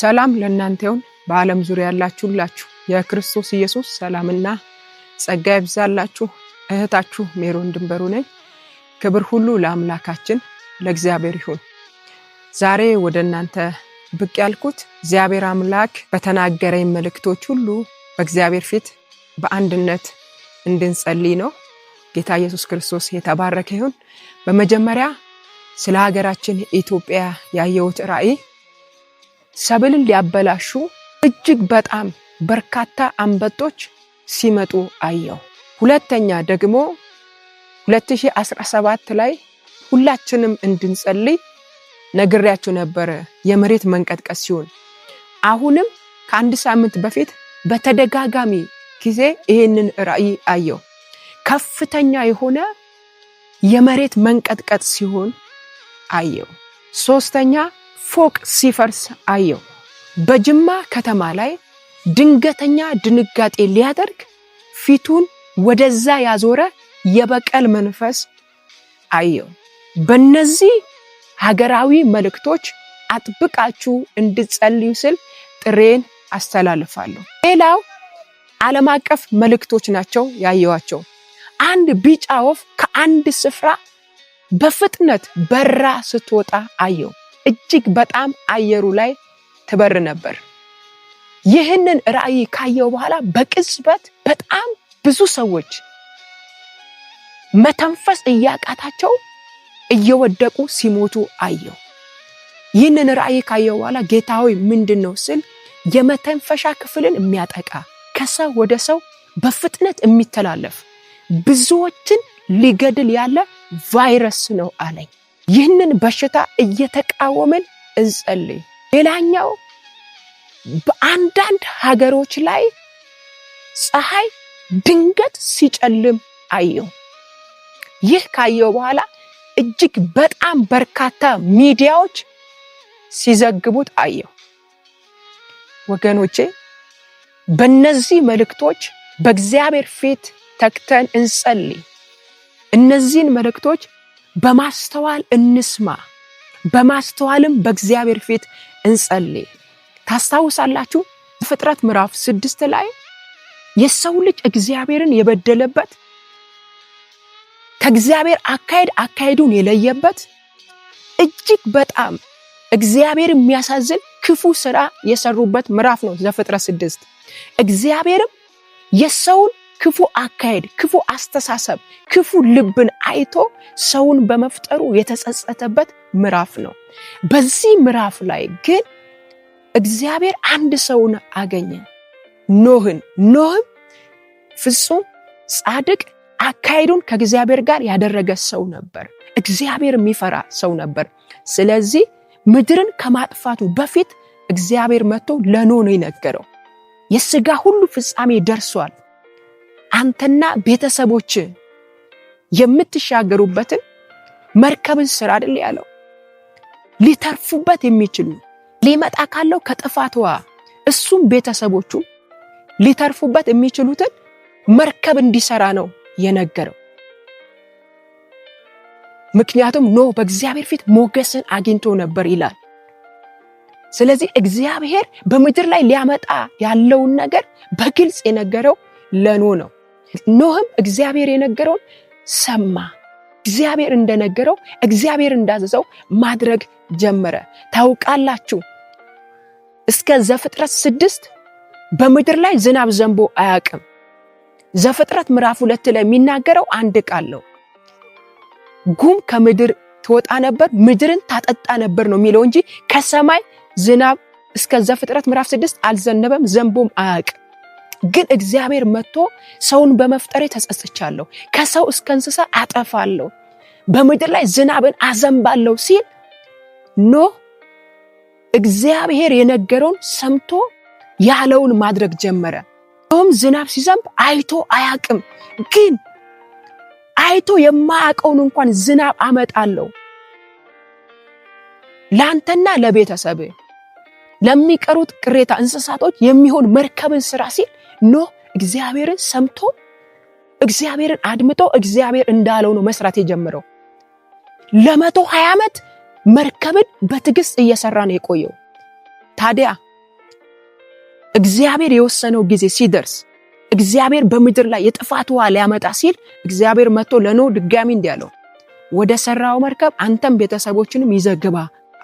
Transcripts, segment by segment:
ሰላም ለእናንተ ይሁን። በዓለም ዙሪያ ያላችሁ ሁላችሁ የክርስቶስ ኢየሱስ ሰላምና ጸጋ ይብዛላችሁ። እህታችሁ ሜሮን ድንበሩ ነኝ። ክብር ሁሉ ለአምላካችን ለእግዚአብሔር ይሁን። ዛሬ ወደ እናንተ ብቅ ያልኩት እግዚአብሔር አምላክ በተናገረኝ መልእክቶች ሁሉ በእግዚአብሔር ፊት በአንድነት እንድንጸልይ ነው። ጌታ ኢየሱስ ክርስቶስ የተባረከ ይሁን። በመጀመሪያ ስለ ሀገራችን ኢትዮጵያ ያየሁት ራእይ ሰብልን ሊያበላሹ እጅግ በጣም በርካታ አንበጦች ሲመጡ አየው። ሁለተኛ ደግሞ 2017 ላይ ሁላችንም እንድንጸልይ ነግሬያችሁ ነበረ፣ የመሬት መንቀጥቀጥ ሲሆን አሁንም ከአንድ ሳምንት በፊት በተደጋጋሚ ጊዜ ይህንን ራእይ አየው ከፍተኛ የሆነ የመሬት መንቀጥቀጥ ሲሆን አየው። ሶስተኛ ፎቅ ሲፈርስ አየው። በጅማ ከተማ ላይ ድንገተኛ ድንጋጤ ሊያደርግ ፊቱን ወደዛ ያዞረ የበቀል መንፈስ አየው። በእነዚህ ሀገራዊ መልእክቶች አጥብቃችሁ እንድትጸልዩ ስል ጥሬን አስተላልፋለሁ። ሌላው ዓለም አቀፍ መልእክቶች ናቸው ያየዋቸው። አንድ ቢጫ ወፍ ከአንድ ስፍራ በፍጥነት በራ ስትወጣ አየው። እጅግ በጣም አየሩ ላይ ትበር ነበር። ይህንን ራእይ ካየው በኋላ በቅጽበት በጣም ብዙ ሰዎች መተንፈስ እያቃታቸው እየወደቁ ሲሞቱ አየው። ይህንን ራእይ ካየው በኋላ ጌታ ሆይ ምንድን ነው ስል የመተንፈሻ ክፍልን የሚያጠቃ ከሰው ወደ ሰው በፍጥነት የሚተላለፍ ብዙዎችን ሊገድል ያለ ቫይረስ ነው አለኝ። ይህንን በሽታ እየተቃወምን እንጸልይ። ሌላኛው በአንዳንድ ሀገሮች ላይ ፀሐይ ድንገት ሲጨልም አየው። ይህ ካየው በኋላ እጅግ በጣም በርካታ ሚዲያዎች ሲዘግቡት አየው። ወገኖቼ በእነዚህ መልእክቶች በእግዚአብሔር ፊት ተክተን እንጸልይ። እነዚህን መልእክቶች በማስተዋል እንስማ፣ በማስተዋልም በእግዚአብሔር ፊት እንጸልይ። ታስታውሳላችሁ ፍጥረት ምዕራፍ ስድስት ላይ የሰው ልጅ እግዚአብሔርን የበደለበት ከእግዚአብሔር አካሄድ አካሄዱን የለየበት እጅግ በጣም እግዚአብሔር የሚያሳዝን ክፉ ስራ የሰሩበት ምዕራፍ ነው ዘፍጥረት ስድስት። እግዚአብሔርም የሰውን ክፉ አካሄድ፣ ክፉ አስተሳሰብ፣ ክፉ ልብን አይቶ ሰውን በመፍጠሩ የተጸጸተበት ምዕራፍ ነው። በዚህ ምዕራፍ ላይ ግን እግዚአብሔር አንድ ሰውን አገኘ፣ ኖህን። ኖህም ፍጹም ጻድቅ አካሄዱን ከእግዚአብሔር ጋር ያደረገ ሰው ነበር። እግዚአብሔር የሚፈራ ሰው ነበር። ስለዚህ ምድርን ከማጥፋቱ በፊት እግዚአብሔር መጥቶ ለኖህ ነው የነገረው፣ የስጋ ሁሉ ፍጻሜ ደርሷል አንተና ቤተሰቦች የምትሻገሩበትን መርከብን ስራ አይደል ያለው። ሊተርፉበት የሚችሉ ሊመጣ ካለው ከጥፋት እሱም ቤተሰቦቹ ሊተርፉበት የሚችሉትን መርከብ እንዲሰራ ነው የነገረው። ምክንያቱም ኖህ በእግዚአብሔር ፊት ሞገስን አግኝቶ ነበር ይላል። ስለዚህ እግዚአብሔር በምድር ላይ ሊያመጣ ያለውን ነገር በግልጽ የነገረው ለኖህ ነው። ኖህም እግዚአብሔር የነገረውን ሰማ። እግዚአብሔር እንደነገረው እግዚአብሔር እንዳዘዘው ማድረግ ጀመረ። ታውቃላችሁ እስከ ዘፍጥረት ስድስት በምድር ላይ ዝናብ ዘንቦ አያውቅም። ዘፍጥረት ምዕራፍ ሁለት ላይ የሚናገረው አንድ ቃል ነው። ጉም ከምድር ትወጣ ነበር፣ ምድርን ታጠጣ ነበር ነው የሚለው እንጂ ከሰማይ ዝናብ እስከ ዘፍጥረት ምዕራፍ ስድስት አልዘነበም፣ ዘንቦም አያውቅም። ግን እግዚአብሔር መጥቶ ሰውን በመፍጠሬ ተጸጽቻለሁ፣ ከሰው እስከ እንስሳ አጠፋለሁ፣ በምድር ላይ ዝናብን አዘንባለሁ ሲል ኖ እግዚአብሔር የነገረውን ሰምቶ ያለውን ማድረግ ጀመረ። ኖህም ዝናብ ሲዘንብ አይቶ አያቅም፣ ግን አይቶ የማያውቀውን እንኳን ዝናብ አመጣለሁ ለአንተና ለቤተሰብ ለሚቀሩት ቅሬታ እንስሳቶች የሚሆን መርከብን ስራ ሲል ኖህ እግዚአብሔርን ሰምቶ እግዚአብሔርን አድምጦ እግዚአብሔር እንዳለው ነው መስራት የጀመረው። ለመቶ ሀያ ዓመት መርከብን በትዕግስት እየሰራ ነው የቆየው። ታዲያ እግዚአብሔር የወሰነው ጊዜ ሲደርስ እግዚአብሔር በምድር ላይ የጥፋት ውሃ ሊያመጣ ሲል እግዚአብሔር መጥቶ ለኖህ ድጋሚ እንዲህ አለው፣ ወደ ሰራው መርከብ አንተም ቤተሰቦችንም ይዘግባ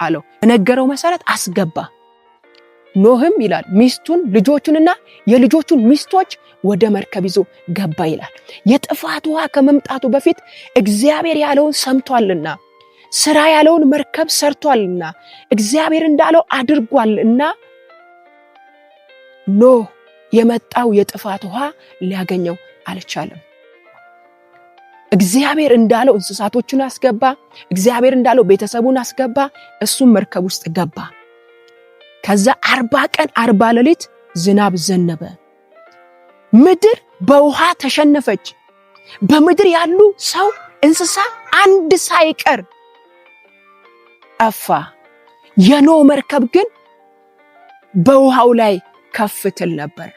አለው። በነገረው መሰረት አስገባ። ኖህም ይላል ሚስቱን ልጆቹንና የልጆቹን ሚስቶች ወደ መርከብ ይዞ ገባ ይላል። የጥፋት ውሃ ከመምጣቱ በፊት እግዚአብሔር ያለውን ሰምቷልና ስራ ያለውን መርከብ ሰርቷልና እግዚአብሔር እንዳለው አድርጓል እና ኖህ የመጣው የጥፋት ውሃ ሊያገኘው አልቻለም። እግዚአብሔር እንዳለው እንስሳቶቹን አስገባ። እግዚአብሔር እንዳለው ቤተሰቡን አስገባ። እሱም መርከብ ውስጥ ገባ። ከዛ አርባ ቀን አርባ ሌሊት ዝናብ ዘነበ። ምድር በውሃ ተሸነፈች። በምድር ያሉ ሰው፣ እንስሳ አንድ ሳይቀር ጠፋ። የኖ መርከብ ግን በውሃው ላይ ከፍ ትል ነበር።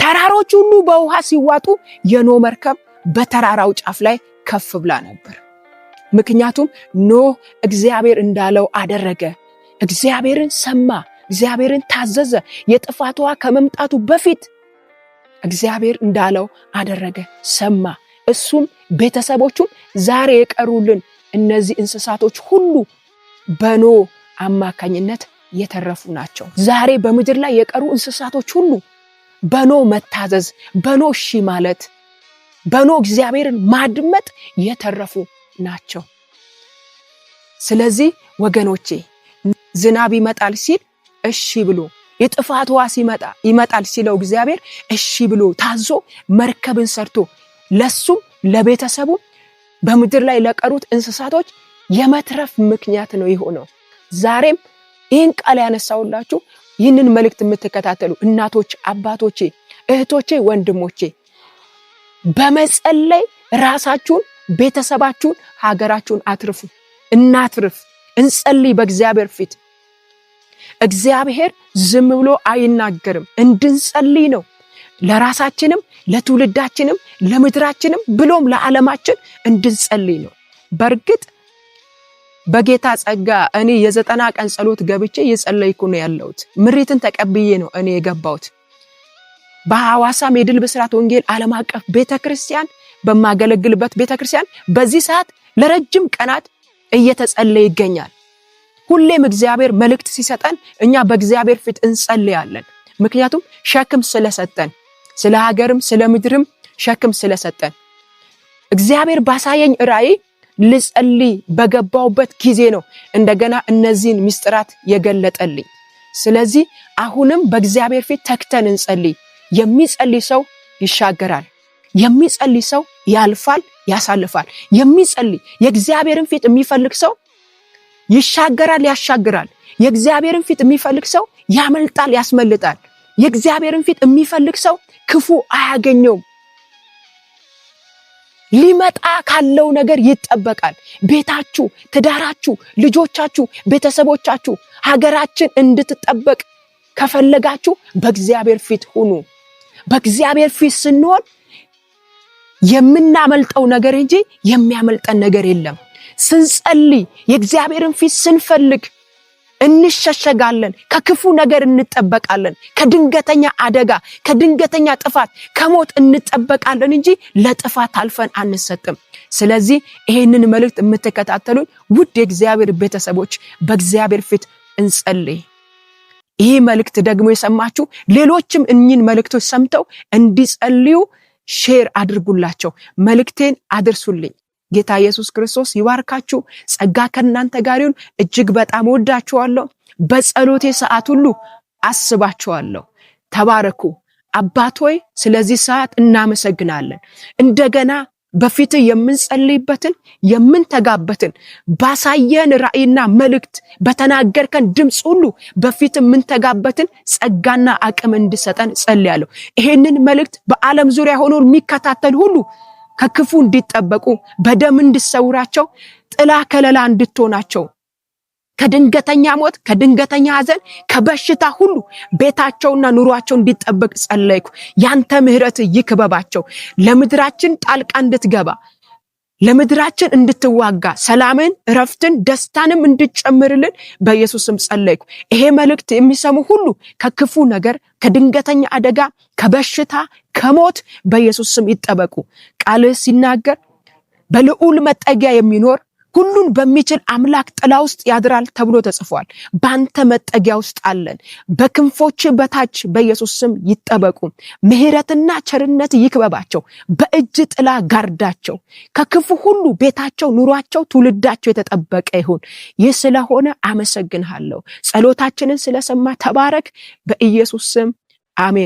ተራሮች ሁሉ በውሃ ሲዋጡ፣ የኖ መርከብ በተራራው ጫፍ ላይ ከፍ ብላ ነበር። ምክንያቱም ኖህ እግዚአብሔር እንዳለው አደረገ። እግዚአብሔርን ሰማ። እግዚአብሔርን ታዘዘ። የጥፋት ውሃ ከመምጣቱ በፊት እግዚአብሔር እንዳለው አደረገ፣ ሰማ። እሱም ቤተሰቦቹም ዛሬ የቀሩልን እነዚህ እንስሳቶች ሁሉ በኖ አማካኝነት የተረፉ ናቸው። ዛሬ በምድር ላይ የቀሩ እንስሳቶች ሁሉ በኖ መታዘዝ፣ በኖ እሺ ማለት፣ በኖ እግዚአብሔርን ማድመጥ የተረፉ ናቸው። ስለዚህ ወገኖቼ ዝናብ ይመጣል ሲል እሺ ብሎ የጥፋት ውሃ ሲመጣ ይመጣል ሲለው እግዚአብሔር እሺ ብሎ ታዞ መርከብን ሰርቶ ለሱም ለቤተሰቡ በምድር ላይ ለቀሩት እንስሳቶች የመትረፍ ምክንያት ነው የሆነው። ዛሬም ይህን ቃል ያነሳውላችሁ ይህንን መልእክት የምትከታተሉ እናቶች፣ አባቶቼ፣ እህቶቼ፣ ወንድሞቼ በመጸለይ ራሳችሁን፣ ቤተሰባችሁን፣ ሀገራችሁን አትርፉ። እናትርፍ፣ እንጸልይ በእግዚአብሔር ፊት እግዚአብሔር ዝም ብሎ አይናገርም፣ እንድንጸልይ ነው። ለራሳችንም ለትውልዳችንም ለምድራችንም ብሎም ለዓለማችን እንድንጸልይ ነው። በእርግጥ በጌታ ጸጋ እኔ የዘጠና ቀን ጸሎት ገብቼ እየጸለይኩ ነው ያለሁት። ምሪትን ተቀብዬ ነው እኔ የገባሁት። በሐዋሳም የድል ብስራት ወንጌል ዓለም አቀፍ ቤተ ክርስቲያን በማገለግልበት ቤተ ክርስቲያን በዚህ ሰዓት ለረጅም ቀናት እየተጸለየ ይገኛል። ሁሌም እግዚአብሔር መልእክት ሲሰጠን እኛ በእግዚአብሔር ፊት እንጸልያለን። ምክንያቱም ሸክም ስለሰጠን፣ ስለ ሀገርም ስለ ምድርም ሸክም ስለሰጠን እግዚአብሔር ባሳየኝ ራእይ ልጸልይ በገባውበት ጊዜ ነው እንደገና እነዚህን ምስጢራት የገለጠልኝ። ስለዚህ አሁንም በእግዚአብሔር ፊት ተክተን እንጸልይ። የሚጸልይ ሰው ይሻገራል። የሚጸልይ ሰው ያልፋል፣ ያሳልፋል። የሚጸልይ የእግዚአብሔርን ፊት የሚፈልግ ሰው ይሻገራል፣ ያሻግራል። የእግዚአብሔርን ፊት የሚፈልግ ሰው ያመልጣል፣ ያስመልጣል። የእግዚአብሔርን ፊት የሚፈልግ ሰው ክፉ አያገኘውም። ሊመጣ ካለው ነገር ይጠበቃል። ቤታችሁ፣ ትዳራችሁ፣ ልጆቻችሁ፣ ቤተሰቦቻችሁ፣ ሀገራችን እንድትጠበቅ ከፈለጋችሁ በእግዚአብሔር ፊት ሁኑ። በእግዚአብሔር ፊት ስንሆን የምናመልጠው ነገር እንጂ የሚያመልጠን ነገር የለም። ስንጸልይ፣ የእግዚአብሔርን ፊት ስንፈልግ እንሸሸጋለን፣ ከክፉ ነገር እንጠበቃለን፣ ከድንገተኛ አደጋ፣ ከድንገተኛ ጥፋት፣ ከሞት እንጠበቃለን እንጂ ለጥፋት አልፈን አንሰጥም። ስለዚህ ይህንን መልእክት የምትከታተሉኝ ውድ የእግዚአብሔር ቤተሰቦች በእግዚአብሔር ፊት እንጸልይ። ይህ መልእክት ደግሞ የሰማችሁ ሌሎችም እኚህን መልእክቶች ሰምተው እንዲጸልዩ ሼር አድርጉላቸው፣ መልእክቴን አድርሱልኝ። ጌታ ኢየሱስ ክርስቶስ ይባርካችሁ። ጸጋ ከእናንተ ጋር ይሁን። እጅግ በጣም ወዳችኋለሁ። በጸሎቴ ሰዓት ሁሉ አስባችኋለሁ። ተባረኩ። አባት ሆይ ስለዚህ ሰዓት እናመሰግናለን። እንደገና በፊት የምንጸልይበትን የምንተጋበትን ባሳየን ራእይና መልእክት በተናገርከን ድምፅ ሁሉ በፊት የምንተጋበትን ጸጋና አቅም እንድሰጠን ጸልያለሁ። ይሄንን መልእክት በዓለም ዙሪያ ሆኖ የሚከታተል ሁሉ ከክፉ እንዲጠበቁ፣ በደም እንድሰውራቸው፣ ጥላ ከለላ እንድትሆናቸው ከድንገተኛ ሞት፣ ከድንገተኛ ሐዘን፣ ከበሽታ ሁሉ ቤታቸውና ኑሯቸው እንዲጠበቅ ጸለይኩ። ያንተ ምሕረት ይክበባቸው። ለምድራችን ጣልቃ እንድትገባ ለምድራችን እንድትዋጋ ሰላምን፣ እረፍትን፣ ደስታንም እንድትጨምርልን በኢየሱስም ስም ጸለይኩ። ይሄ መልእክት የሚሰሙ ሁሉ ከክፉ ነገር፣ ከድንገተኛ አደጋ፣ ከበሽታ፣ ከሞት በኢየሱስም ስም ይጠበቁ። ቃልህ ሲናገር በልዑል መጠጊያ የሚኖር ሁሉን በሚችል አምላክ ጥላ ውስጥ ያድራል ተብሎ ተጽፏል። በአንተ መጠጊያ ውስጥ አለን። በክንፎች በታች በኢየሱስ ስም ይጠበቁ። ምሕረትና ቸርነት ይክበባቸው። በእጅ ጥላ ጋርዳቸው። ከክፉ ሁሉ ቤታቸው፣ ኑሯቸው፣ ትውልዳቸው የተጠበቀ ይሁን። ይህ ስለሆነ አመሰግንሃለሁ። ጸሎታችንን ስለሰማ ተባረክ። በኢየሱስ ስም አሜን።